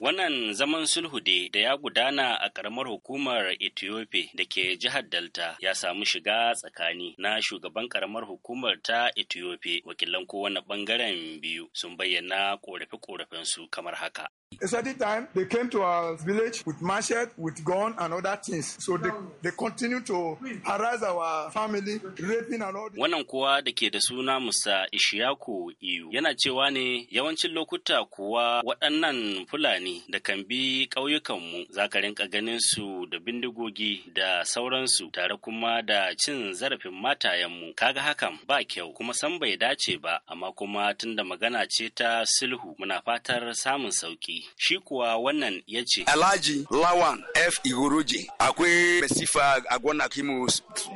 Wannan zaman sulhu da ya gudana a ƙaramar hukumar Ethiopia da ke jihar Delta ya samu shiga tsakani na shugaban ƙaramar hukumar ta Ethiopia wakilan kowane ɓangaren biyu sun bayyana ƙorafe su kamar haka. A certain time, they came to our village with machete, with gun, and other things. So they, they continue to harass our family, raping and all. this. Wannan kuwa da ke da suna Musa Ishiyaku Iyu yana cewa ne yawancin lokuta kuwa waɗannan Fulani da kan bi ƙauyukanmu za ka rinka ganin da bindigogi da sauransu tare kuma da cin zarafin matayenmu. Kaga hakan ba kyau kuma san bai dace ba amma kuma tunda magana ce ta sulhu muna fatar samun sauki. Shi kuwa wannan ya ce. Alhaji Lawan F. Iguruji akwai masifa a gwanaki mu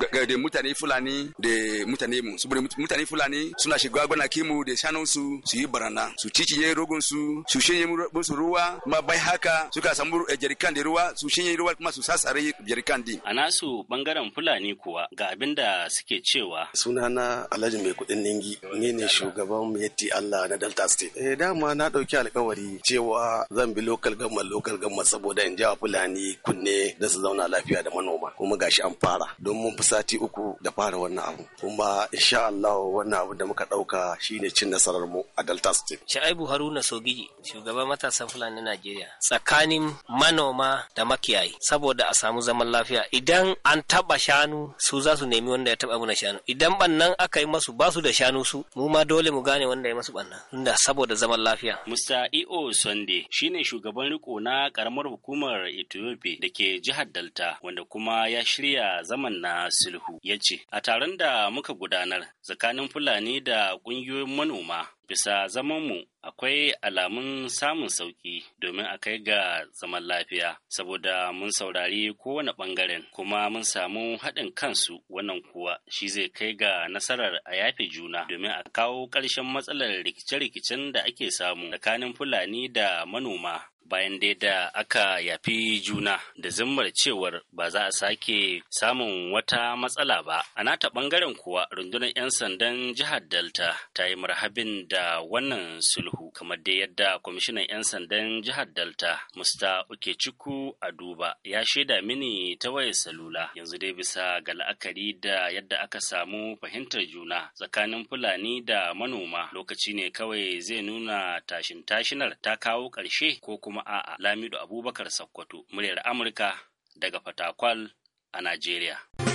da mutane Fulani da mutane mu. Saboda mutane Fulani suna shiga gwanaki mu da shanunsu su yi barana su ciciye rogonsu su shanye musu ruwa ma bai haka suka samu eh, jerikan da ruwa su shanye ruwa kuma su sasare jerikan din. A nasu bangaren Fulani kuwa ga abin da suke cewa. Sunana Alhaji Mai Kuɗin Ningi ne ne shugaban Meti Allah na Delta State. Eh dama na ɗauki alkawari cewa zan bi lokal gamma lokal gamma saboda in jawa fulani kunne da su zauna lafiya da manoma kuma gashi an fara don mun fi sati uku da fara wannan abu kuma insha Allah wannan abu da muka dauka shine cin nasarar mu a Delta State Shaibu Haruna Sogiji shugaban matasan fulani Najeriya tsakanin manoma da makiyayi saboda a samu zaman lafiya idan an taba shanu su za su nemi wanda ya taba mana shanu idan bannan aka yi masu basu da shanu su mu ma dole mu gane wanda ya masu bannan tunda saboda zaman lafiya Musa E.O. Tao Sunday shine shugaban riko na karamar hukumar Ethiopia da ke jihar Delta wanda kuma ya shirya zaman na sulhu ya ce a taron da muka gudanar tsakanin Fulani da ƙungiyoyin manoma bisa zamanmu akwai alamun samun sauƙi domin a kai ga zaman lafiya saboda mun saurari kowane ɓangaren kuma mun samu haɗin kansu wannan kuwa shi zai kai ga nasarar a yafe juna domin a kawo ƙarshen matsalar rikice-rikicen da ake samu tsakanin fulani da manoma bayan dai da aka yafi juna da zimmar cewar ba za a sake samun wata matsala ba a nata bangaren kuwa rundunar 'yan sandan jihar delta ta yi marhabin da wannan sulhu kamar dai yadda kwamishinan 'yan sandan jihar delta musta uke ciku a duba ya shaida mini ta wayar salula yanzu dai bisa ga la'akari da yadda aka samu fahimtar juna tsakanin fulani da manoma lokaci ne kawai zai nuna tashin tashinar ta kawo ƙarshe ko kuma A'a, Lamido Abubakar Sakkwato, muryar Amurka daga Fatakwal a Najeriya.